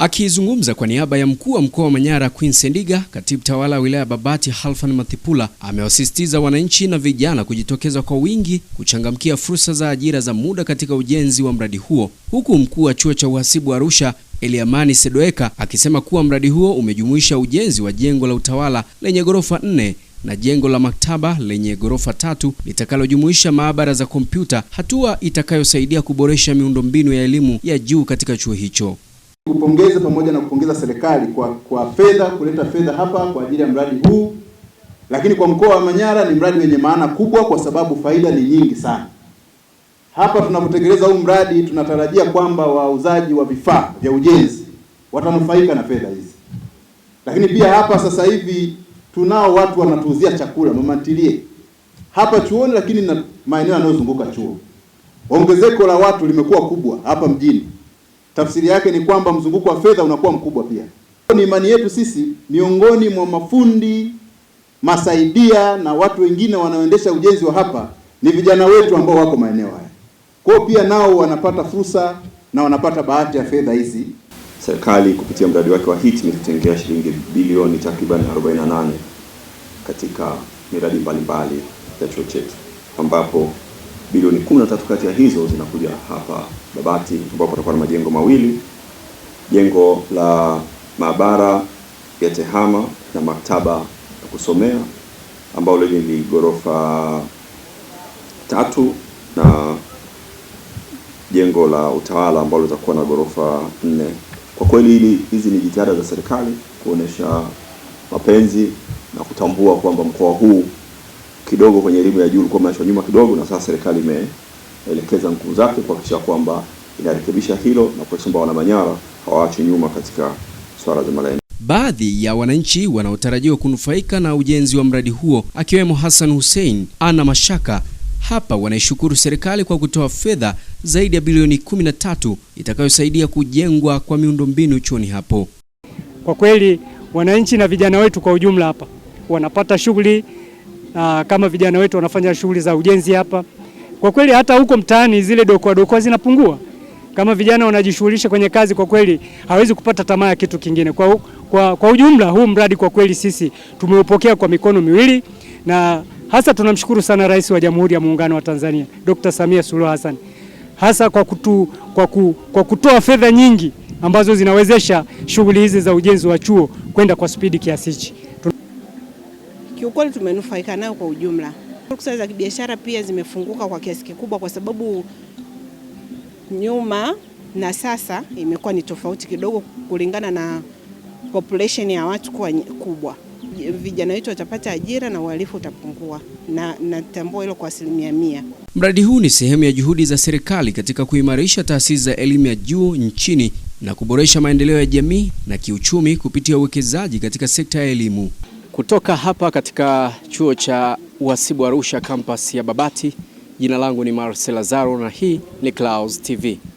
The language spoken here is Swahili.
Akizungumza kwa niaba ya mkuu wa mkoa wa Manyara Queen Sendiga, katibu tawala wa wilaya Babati Halfan Mathipula amewasisitiza wananchi na vijana kujitokeza kwa wingi kuchangamkia fursa za ajira za muda katika ujenzi wa mradi huo, huku mkuu wa chuo cha uhasibu Arusha Eliamani Sedoeka akisema kuwa mradi huo umejumuisha ujenzi wa jengo la utawala lenye ghorofa nne na jengo la maktaba lenye ghorofa tatu litakalojumuisha maabara za kompyuta, hatua itakayosaidia kuboresha miundombinu ya elimu ya juu katika chuo hicho kupongeza pamoja na kupongeza serikali kwa kwa fedha kuleta fedha hapa kwa ajili ya mradi huu, lakini kwa mkoa wa Manyara ni mradi wenye maana kubwa, kwa sababu faida ni nyingi sana. Hapa tunapotekeleza huu mradi, tunatarajia kwamba wauzaji wa vifaa vya ujenzi watanufaika na fedha hizi, lakini pia hapa sasa hivi tunao watu wanatuuzia chakula mama hapa chuoni, lakini na maeneo yanayozunguka chuo, ongezeko la watu limekuwa kubwa hapa mjini. Tafsiri yake ni kwamba mzunguko wa fedha unakuwa mkubwa pia. Ni imani yetu sisi, miongoni mwa mafundi masaidia na watu wengine wanaoendesha ujenzi wa hapa ni vijana wetu ambao wako maeneo haya, kwa pia nao wanapata fursa na wanapata bahati ya fedha hizi. Serikali kupitia mradi wake wa HEET imetutengea shilingi bilioni takriban 48 katika miradi mbalimbali ya chuo chetu ambapo bilioni 13 kati ya hizo zinakuja hapa Babati ambapo patakuwa na majengo mawili, jengo la maabara ya tehama na maktaba ya kusomea ambalo lenye ni ghorofa tatu na jengo la utawala ambalo litakuwa na ghorofa nne. Kwa kweli hizi ni jitihada za serikali kuonesha mapenzi na kutambua kwamba mkoa huu kidogo kwenye elimu ya juu ulikuwa umeachwa nyuma kidogo, na sasa serikali imeelekeza nguvu zake kuhakikisha kwamba inarekebisha hilo na kuhakikisha kwamba Wanamanyara hawaachwi nyuma katika swala zima la Baadhi ya wananchi wanaotarajiwa kunufaika na ujenzi wa mradi huo akiwemo Hassan Hussein ana mashaka hapa, wanaishukuru serikali kwa kutoa fedha zaidi ya bilioni 13 itakayosaidia kujengwa kwa miundombinu chuoni hapo. Kwa kweli wananchi na vijana wetu kwa ujumla hapa wanapata shughuli na kama vijana wetu wanafanya shughuli za ujenzi hapa, kwa kweli hata huko mtaani zile dokoa dokoa zinapungua. Kama vijana wanajishughulisha kwenye kazi, kwa kweli hawezi kupata tamaa ya kitu kingine. Kwa, kwa, kwa ujumla huu mradi kwa kweli sisi tumeupokea kwa mikono miwili na hasa tunamshukuru sana Rais wa Jamhuri ya Muungano wa Tanzania Dr. Samia Suluhu Hassan hasa kwa, kutu, kwa, ku, kwa kutoa fedha nyingi ambazo zinawezesha shughuli hizi za ujenzi wa chuo kwenda kwa spidi kiasi hichi kiukweli tumenufaika nayo kwa ujumla. Fursa za kibiashara pia zimefunguka kwa kiasi kikubwa, kwa sababu nyuma na sasa imekuwa ni tofauti kidogo kulingana na population ya watu kuwa kubwa. Vijana wetu watapata ajira na uhalifu utapungua, na natambua hilo kwa asilimia mia. Mradi huu ni sehemu ya juhudi za serikali katika kuimarisha taasisi za elimu ya juu nchini na kuboresha maendeleo ya jamii na kiuchumi kupitia uwekezaji katika sekta ya elimu. Kutoka hapa katika chuo cha uhasibu Arusha kampasi ya Babati, jina langu ni Marcel Lazaro na hii ni Clouds TV.